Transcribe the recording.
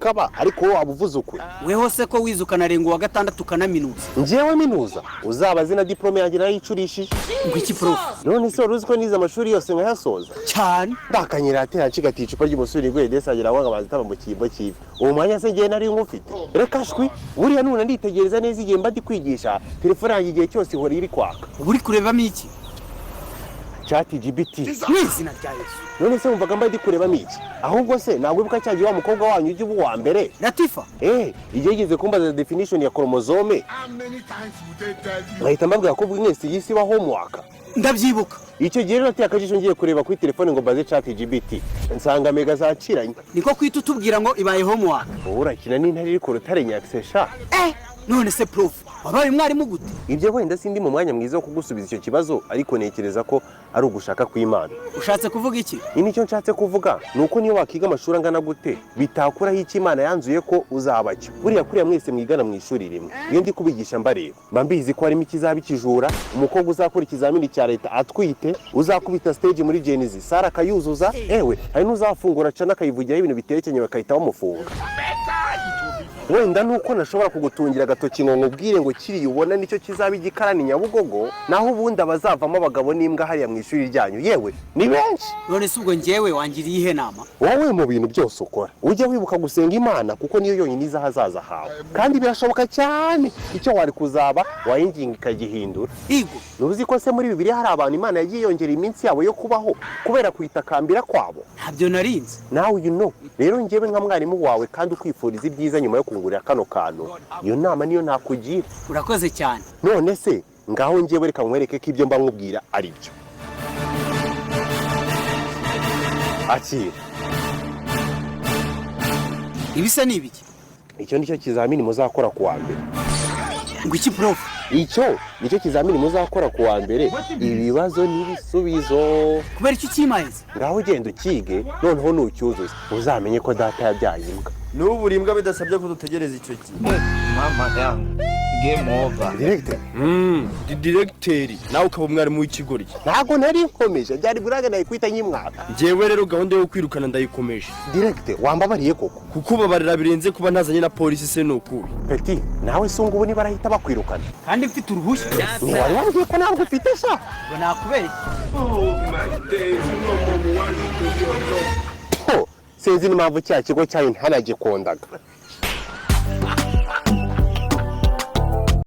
kaba ariko wowe waba uvuze ukwe weho se ko wize ukanarenga wa gatandatu ukanaminuza ngewe minuza uzaba azina diporome yanjye narayicurishije ngo iki porofu none se wari uzi ko nize amashuri yose nkayasoza cyane ndakanyera atera acigatiye icupa ry'umusuri rwe ndetse agira ngo abanza itaba mu kiyimbo kibi uwo mwanya se ngewe nari nkufite reka shwi buriya nuna nditegereza neza igihe mba ndi kwigisha telefone yanjye igihe cyose ihora iri kwaka uba uri kurebamo iki chati gbt none se wumvaga mba kureba kurebamo ahubwo se nagwibuka cyaje wa mukobwa wanyu ujya uba uwa mbere latifa eh igihe yigeze kumbaza definition ya koromozome nkahita mbabwira ko bwinyesi yisi yisiba homework ndabyibuka icyo gihe rero akajisho ngiye kureba kuri telefone ngo mbaze chat gbt nsanga mega zakiranye niko kwita utubwira ngo ibaye homework wowe urakina n'intare iri ku rutare nyakisesha eh none se prof wabaye umwarimu gute ibyo wenda sindi mu mwanya mwiza wo kugusubiza icyo kibazo ariko ntekereza ko ari ugushaka kw'imana ushatse kuvuga iki ni nicyo nshatse kuvuga ni uko niyo wakiga amashuri angana gute bitakuraho icyo imana yanzuye ko uzaba cyo buriya kuriya mwese mwigana mu ishuri rimwe iyo ndi kubigisha mbareba mba mbizi ko harimo ikizaba ikijura umukobwa uzakora ikizamini cya leta atwite uzakubita stage muri Genesis Sara akayuzuza ewe hari n'uzafungura cyane akayivugiraho ibintu biterekanye bakahita bamufunga wenda nuko nashobora kugutungira gatoki ngo nkubwire ngo kiriya ubona nicyo kizaba igikarani nyabugogo naho ubundi abazavamo abagabo n'imbwa hariya mu ishuri ryanyu yewe ni benshi none si ubwo ngewe wangiriye ihe nama wowe mu bintu byose ukora ujya wibuka gusenga imana kuko niyo yonyine iza hazaza hawe kandi birashoboka cyane icyo wari kuzaba wayinginga ikagihindura igo ntuzi ko se muri bibiri hari abantu imana yagiye yongera iminsi yabo yo kubaho kubera kuyitakambira kwabo ntabyo narinze nawe uyu no rero ngewe nka mwarimu wawe kandi ukwifuza kwifuriza ibyiza nyuma yo kungurira kano kantu iyo nama niyo nakugira urakoze cyane none se ngaho ngewe reka nkwereke ko ibyo mba nkubwira ari byo akira ibisa ni ibiki icyo nicyo kizamini muzakora ku wa mbere ngo iki prof icyo nicyo kizamini muzakora ku wa mbere ibibazo n'ibisubizo kubera icyo ukimanza ngaho ugenda ukige noneho nucyuzuza uzamenye ko data yabyaye imbwa n'ubu uribwa bidasabye ko dutegereza icyo gihe mama yanga gemu ova di diregiteri nawe ukaba umwarimu w'ikigori ntabwo ntarikomeje byari buraga ndayikwita nk'imwaka ngewe rero gahunda yo kwirukana ndayikomeje diregite wambabariye koko kuko ubabarira birenze kuba ntazanye na polisi se ni ukuri peti nawe se ubu niba arahita bakwirukana kandi mfite uruhushya wari wambwiye ko ntabwo ufite sa nakubera iki sinzi n'impamvu cya kigo cya yunihani agikundaga